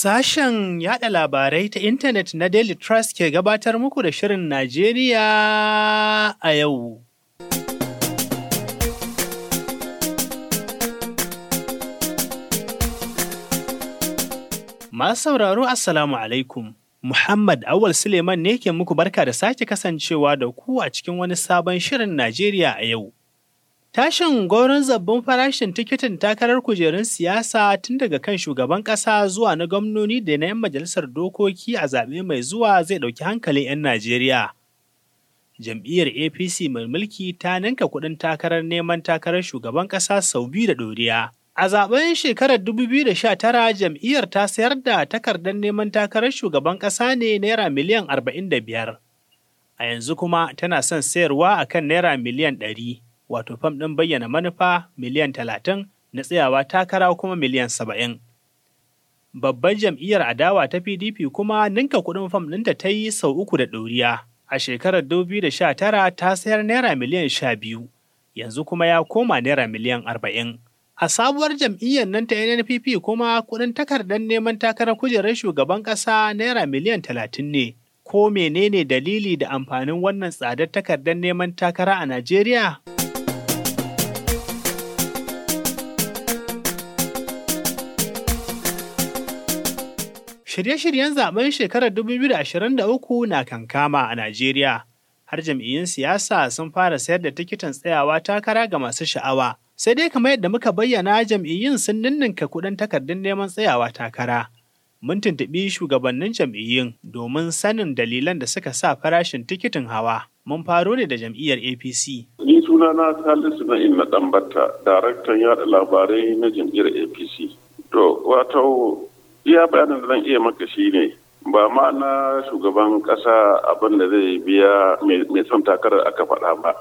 Sashen yada labarai ta intanet na Daily Trust ke gabatar muku da Shirin Najeriya a yau. Masu sauraro Assalamu alaikum. Muhammad Awal Suleiman ne ke muku barka da sake kasancewa da ku a cikin wani sabon Shirin Najeriya a yau. Tashin gwauron zabbin farashin tikitin takarar kujerun siyasa tun daga kan shugaban ƙasa zuwa na gwamnoni da na 'yan majalisar dokoki a zaɓe mai zuwa zai ɗauki hankalin 'yan Najeriya. Jam'iyyar APC mai mulki ta ninka kuɗin takarar neman takarar shugaban ƙasa sau biyu da ɗoriya. A zaɓen shekarar 2019 jam'iyyar ta sayar da takardar neman takarar shugaban ƙasa ne naira miliyan 45. A yanzu kuma tana son sayarwa akan naira miliyan 100. wato fam ɗin bayyana manufa miliyan talatin na tsayawa takara kuma miliyan saba'in. Babban jam'iyyar adawa ta PDP kuma ninka kuɗin fam ɗinta ta yi sau uku da ɗoriya. A shekarar sha tara ta sayar naira miliyan sha biyu, yanzu kuma ya koma naira miliyan arba'in. A sabuwar jam'iyyar nan ta NNPP kuma kuɗin takardar neman takarar kujerar shugaban ƙasa naira miliyan talatin ne. Ko menene dalili da amfanin wannan tsadar takardar neman takara a Najeriya? Shirye-shiryen zaben shekarar 2023 na kankama a Najeriya. Har jam'iyyun siyasa sun fara sayar da tikitin tsayawa takara ga masu sha'awa. Sai dai kamar yadda muka bayyana jam'iyyun sun ninninka kuɗin takardun neman tsayawa takara. Mun tuntuɓi shugabannin jam'iyyun domin sanin dalilan da suka sa farashin tikitin hawa. Mun faro ne da jam'iyyar APC. Ni sunana Salisu na na Ɗanbata, daraktan yaɗa labarai na jam'iyyar APC. To, wato iya bayanin da zan iya maka shi ne ba ma na shugaban kasa abin zai biya mai son takarar aka faɗa ba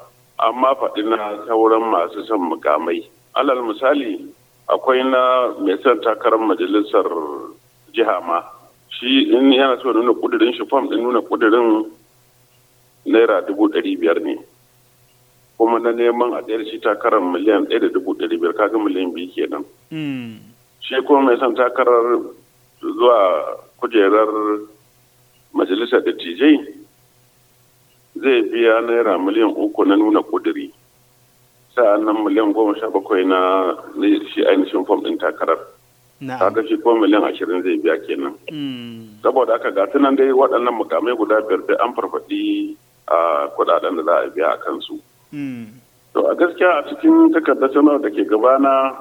amma faɗi na sauran masu son mukamai alal misali akwai na mai son takarar majalisar jiha ma shi in yana so nuna kudirin shi fam din nuna kudirin naira dubu ɗari biyar ne kuma na neman a ɗayar shi takarar miliyan ɗaya da dubu ɗari biyar kaga miliyan biyu kenan hmm. shi kuma mai son takarar zuwa kujerar majalisar dattijai zai biya naira miliyan uku na nuna kuduri sa'annan miliyan goma sha bakwai na shi ainihin fom ɗin takarar kaga shi ko miliyan ashirin zai biya kenan hmm. saboda aka ga tunan dai waɗannan mukamai guda biyar da an farfaɗi a kuɗaɗen da za a biya a kansu hmm. to a gaskiya a cikin takardar sanar da ke gabana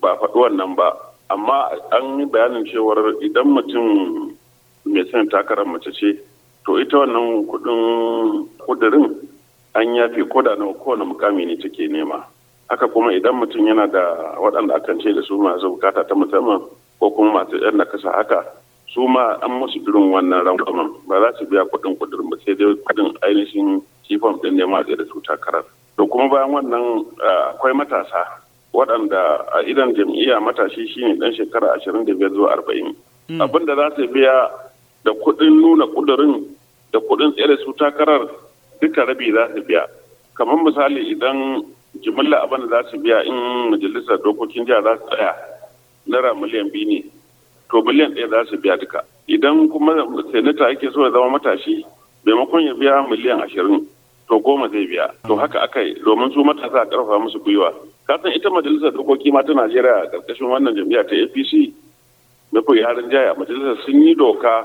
ba faɗi wannan ba amma an yi bayanin cewar idan mutum mai son takarar mace ce to ita wannan kudin kudurin an ya fi koda na kowane mukami ne take nema haka kuma idan mutum yana da waɗanda akan ce da su masu bukata ta musamman ko kuma masu yan nakasa haka su ma an musu irin wannan rangwamen ba za su biya kudin kudurin ba sai dai kudin ainihin kifon ɗin nema da su takarar to kuma bayan wannan ah, akwai matasa waɗanda a idan jam'iyya matashi shine dan shekara ashirin da biyar zuwa arba'in hmm. abin da za su biya da kuɗin nuna ƙudurin da kuɗin tsere su takarar duka rabi za su biya kamar misali idan jimilla abin da za su biya in majalisar dokokin jiya za su tsaya naira miliyan biyu ne to miliyan ɗaya za su biya duka idan kuma senata yake so ya zama matashi maimakon ya biya miliyan ashirin to goma zai biya to hmm. haka aka yi domin su matasa a ƙarfafa musu gwiwa kasan ita majalisar dokoki ma ta najeriya karkashin wannan jami'a ta apc mafi yaran jaya majalisar sun yi doka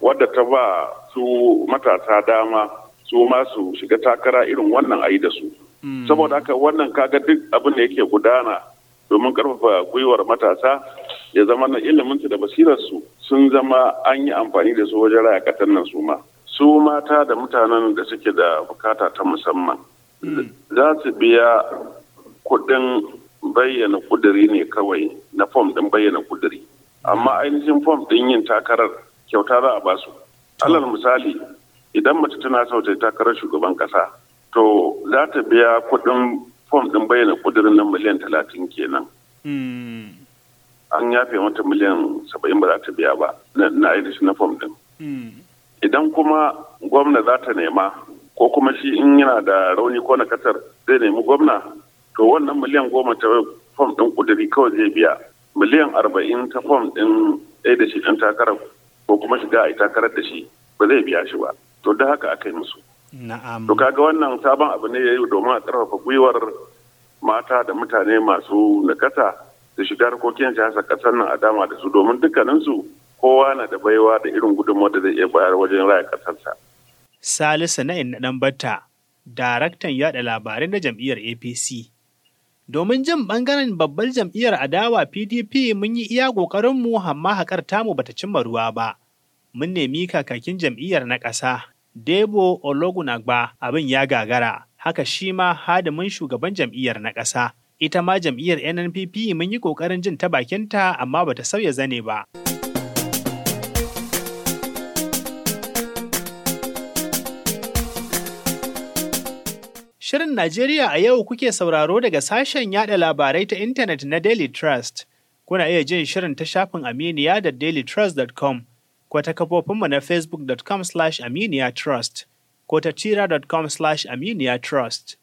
wadda ta ba su matasa dama su ma su shiga takara irin wannan ayi da su hmm. saboda haka wannan kaga duk abin da yake gudana domin karfafa gwiwar matasa ya zama na iliminsu da basirarsu sun zama an yi amfani da su wajen raya katan nan su ma su mata da mutanen da suke da bukata ta musamman hmm. za su biya kuɗin bayyana kuduri ne kawai na fom ɗin bayyana kuduri amma ainihin fom ɗin yin takarar kyauta za a basu alal misali idan mace tana sautai takarar shugaban kasa to za ta biya kuɗin fom ɗin bayyana kudurin na miliyan talatin kenan hmm. an yafe mata miliyan saba'in ba za ta biya ba na ainihin na fom ɗin hmm. idan kuma gwamna za ta nema ko kuma shi in yana da rauni ko na kasar zai nemi gwamna to wannan miliyan goma ta fom ɗin ƙudiri kawai zai biya miliyan arba'in ta fom ɗin ɗaya da shi ɗin takarar ko kuma shiga a takarar da shi ba zai biya shi ba to da haka aka yi musu na'am to kaga wannan sabon abu ne ya yi domin a ƙarfafa gwiwar mata da mutane masu nakasa da shiga harkokin siyasar ƙasar nan a dama da su domin dukkaninsu kowa na da baiwa da irin gudunmawar da zai iya bayar wajen raya ƙasarsa. Salisu na Inna batta daraktan yaɗa labarai na jam'iyyar APC, Domin jin ɓangaren babbar jam'iyyar adawa PDP mun yi iya ƙoƙarinmu amma haƙar tamu bata cimma ruwa ba. Mun nemi kakakin jam'iyyar na ƙasa, Debo Ologunagba abin ya gagara, haka shi ma hadimin shugaban jam'iyyar na ƙasa. Ita ma jam'iyyar NNPP mun yi ƙoƙarin jin ta bakinta amma bata sauya zane ba. Shirin Najeriya a yau kuke sauraro daga sashen yada labarai ta intanet na Daily Trust. Kuna iya jin shirin ta shafin Aminiya da dailytrust.com ko ta kafofinmu na facebookcom aminiyatrust ko ta tiracom aminiyatrust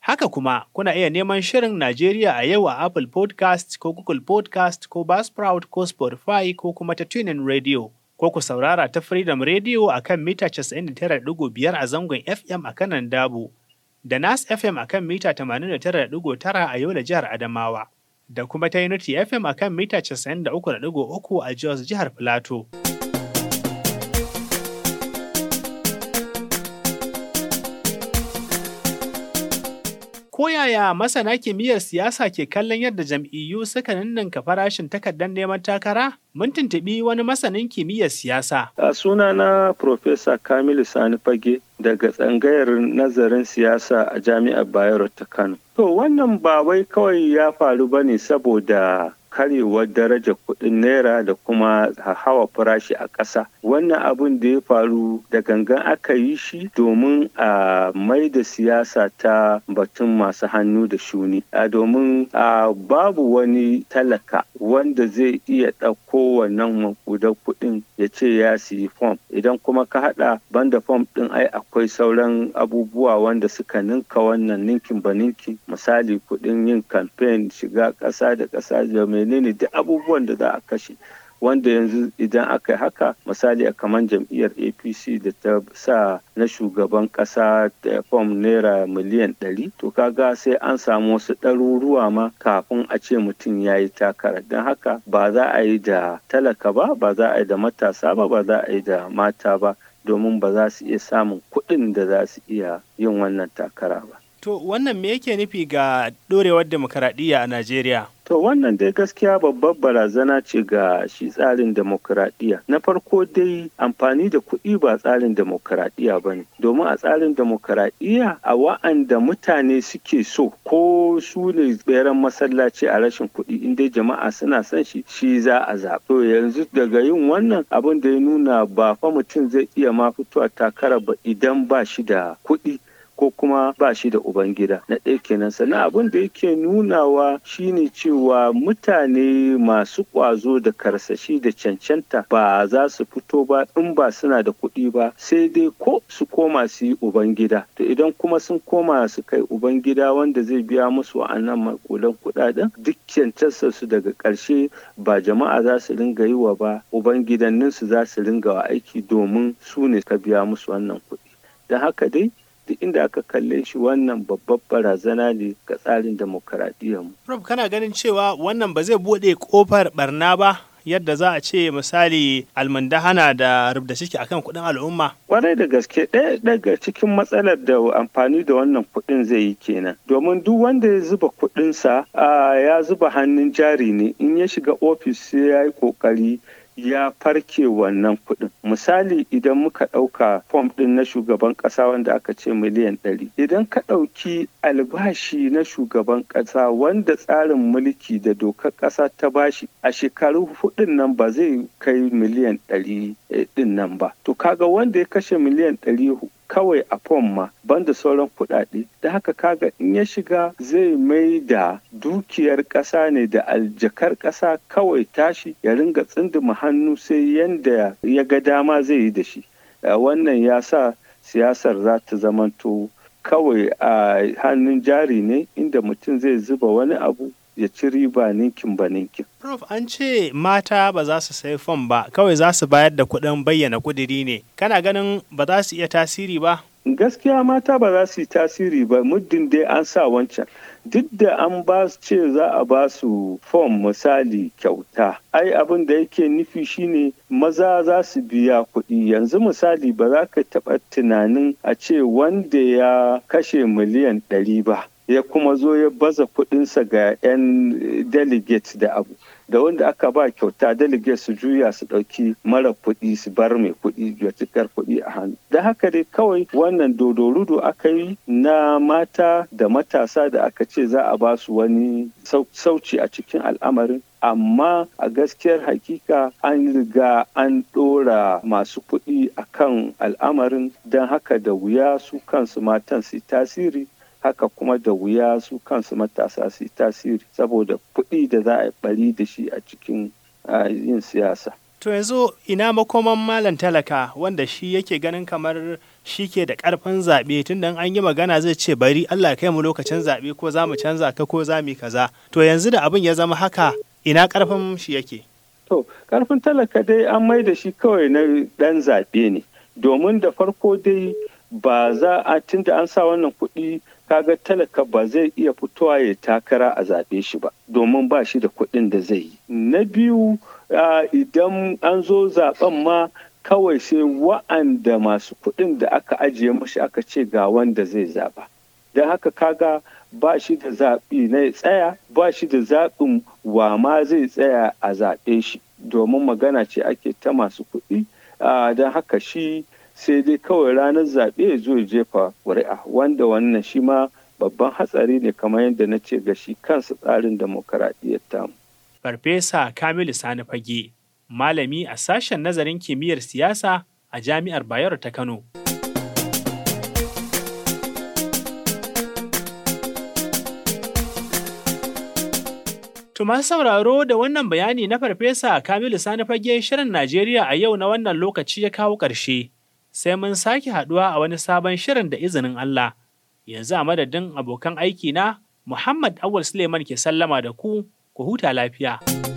Haka kuma, kuna iya neman shirin Najeriya a yau a Apple Podcast ko Google Podcast ko Buzzsprout ko Spotify ko kuma ta tunin Radio. Ko ku saurara ta Freedom Radio a kan mita 99.5 a zangon FM a kanan dabu. da Nas FM a kan mita 89.9 a yau da jihar Adamawa, da kuma ta Unity FM a kan mita 93.3 a Jos jihar Filato. Koyaya masana kimiyyar siyasa ke kallon yadda jam'iyyu suka ninninka farashin takardar neman takara? Mun tuntuɓi wani masanin kimiyyar siyasa. A suna na Profesa Kamilu Sani Fage daga tsangayar nazarin siyasa a Jami'ar Bayero ta Kano. To wannan ba wai kawai ya faru ba ne saboda karewar daraja kudin naira da kuma hawa farashi a ƙasa wannan abin da ya faru da gangan aka yi shi domin a mai da siyasa ta batun masu hannu da shuni a domin a babu wani talaka wanda zai iya ɗauko wannan makudar kudin. ya ce ya siyi fom idan kuma ka haɗa banda fom ɗin ai akwai sauran abubuwa wanda suka ninka wannan ninkin ba ninkin misali kudin yin kamfen shiga ƙasa da ƙasa da mai menene duk abubuwan da za a kashe wanda yanzu idan aka yi haka misali a kamar jam'iyyar apc da ta sa na shugaban kasa da fom naira miliyan 100 to kaga sai an samu wasu ɗaruruwa ma kafin a ce mutum ya yi takara don haka ba za a yi da talaka ba ba za a yi da matasa ba ba za a yi da mata ba domin ba za su iya samun kuɗin da za su iya yin wannan takara ba To wannan me yake nufi ga ɗorewar demokaradiyya a Najeriya? To wannan dai gaskiya babbar barazana ce ga shi tsarin demokuraɗiyya. Na farko dai amfani da kuɗi ba tsarin demokuraɗiyya ba ne. Domin a tsarin demokuraɗiyya a wa'anda mutane suke so ko su ne tseren masallaci a rashin kuɗi in dai jama'a suna son shi shi za a zaɓi. To yanzu daga yin wannan abin da ya nuna ba fa mutum zai iya ma fitowa takara ba idan ba shi da kuɗi. ko kuma ba shi da ubangida na ɗaya kenan sannan abin da yake nunawa shine cewa mutane masu ƙwazo da karsashi da cancanta ba za su fito ba in ba suna da kuɗi ba sai dai ko su koma su yi ubangida to idan kuma sun koma su kai ubangida wanda zai biya musu wa'annan makulan kuɗaɗen duk cancansa su daga ƙarshe ba jama'a za su ringa yi wa ba ubangidanninsu za su ringa wa aiki domin su ne ka biya musu wannan kuɗi da haka dai duk inda aka kalle shi wannan babbar barazana ne ga tsarin mu. Rob kana ganin cewa wannan ba zai buɗe kofar barna ba yadda za a ce misali almandahana da rubda ciki akan kuɗin al'umma. Kwarai da gaske ɗaya daga cikin matsalar da amfani da wannan kuɗin zai yi kenan. Domin duk wanda ya zuba kuɗinsa ya zuba hannun jari ne in ya shiga ofis sai ya yi ƙoƙari ya farke wannan kuɗin misali idan muka ɗauka fom ɗin na shugaban ƙasa wanda aka ce miliyan ɗari idan ka ɗauki albashi na shugaban ƙasa wanda tsarin mulki da dokar ƙasa ta bashi a shekaru hudun nan ba zai kai miliyan ɗari eh, ɗin nan ba to kaga wanda ya kashe miliyan ɗari kawai a fom ma banda sauran kudade da haka kaga in ya shiga zai mai da dukiyar kasa ne da aljakar kasa kawai tashi ya ringa tsinduma hannu sai yanda ya ga dama zai yi da shi eh, wannan ya sa siyasar za ta zamanto kawai a ah, hannun jari ne inda mutum zai zuba wani abu ya ci riba ninkin ba ninkin. Prof, an ce mata ba za su sai fom ba, kawai za su bayar da kuɗin bayyana kudiri ne. Kana ganin ba za su iya tasiri ba? Gaskiya mata ba za su yi tasiri ba, muddin dai an sa wancan. Duk da an ba su ce za a ba su fom misali kyauta, ai abin da yake nufi shine maza za su biya kuɗi. Yanzu misali ba za ka taɓa tunanin a ce wanda ya kashe miliyan ɗari ba. ya kuma zo ya baza kudinsa ga 'yan eh, delegates da abu da wanda aka ba kyauta delegates su juya su ɗauki mara kuɗi su bar mai kuɗi ya cikar kuɗi a hannu da haka dai kawai wannan dodorudo aka yi na mata da matasa da aka ce za a ba su wani sauci a cikin al'amarin amma a gaskiyar hakika an riga an ɗora masu kuɗi a kan al'amarin don haka da wuya su kansu matan su tasiri haka kuma da wuya su kansu matasa su tasiri saboda kuɗi da za a bari da shi a cikin yin siyasa. To yanzu ina makoman malam talaka wanda shi yake ganin kamar shi ke da karfin zaɓe tun da an yi magana zai ce bari Allah kai mu lokacin zaɓe ko za mu canza ka ko za mu kaza. To yanzu da abin ya zama haka ina karfin shi yake. To ƙarfin talaka dai an mai da shi kawai na ɗan zaɓe ne domin da farko dai ba za a tunda an sa wannan kuɗi kaga talaka ba zai iya fitowa ya takara a zaɓe shi ba domin ba shi da kuɗin da zai yi na biyu idan an zo zaɓen ma kawai sai wa'anda masu kuɗin da aka ajiye mashi aka ce ga wanda zai zaɓa don haka kaga ba shi da zaɓi na tsaya ba shi da zaɓin wa ma zai tsaya a zaɓe shi domin magana ce ake ta masu kuɗi don haka shi sai dai kawai ranar zaɓe ya zo jefa ƙuri'a wanda wannan shi ma babban hatsari ne kamar yadda na ce ga shi kansa tsarin demokaradiyyar tamu. Farfesa Kamilu Sani Fage, malami a sashen nazarin kimiyyar siyasa a Jami'ar Bayero ta Kano. Tuma sauraro da wannan bayani na Farfesa Kamilu Sani Fage shirin Najeriya a yau na wannan lokaci ya kawo ƙarshe. sai mun sake haɗuwa a wani sabon shirin da izinin Allah. Yanzu a madadin abokan aiki na Muhammad Awul Suleiman ke sallama da ku, ku huta lafiya.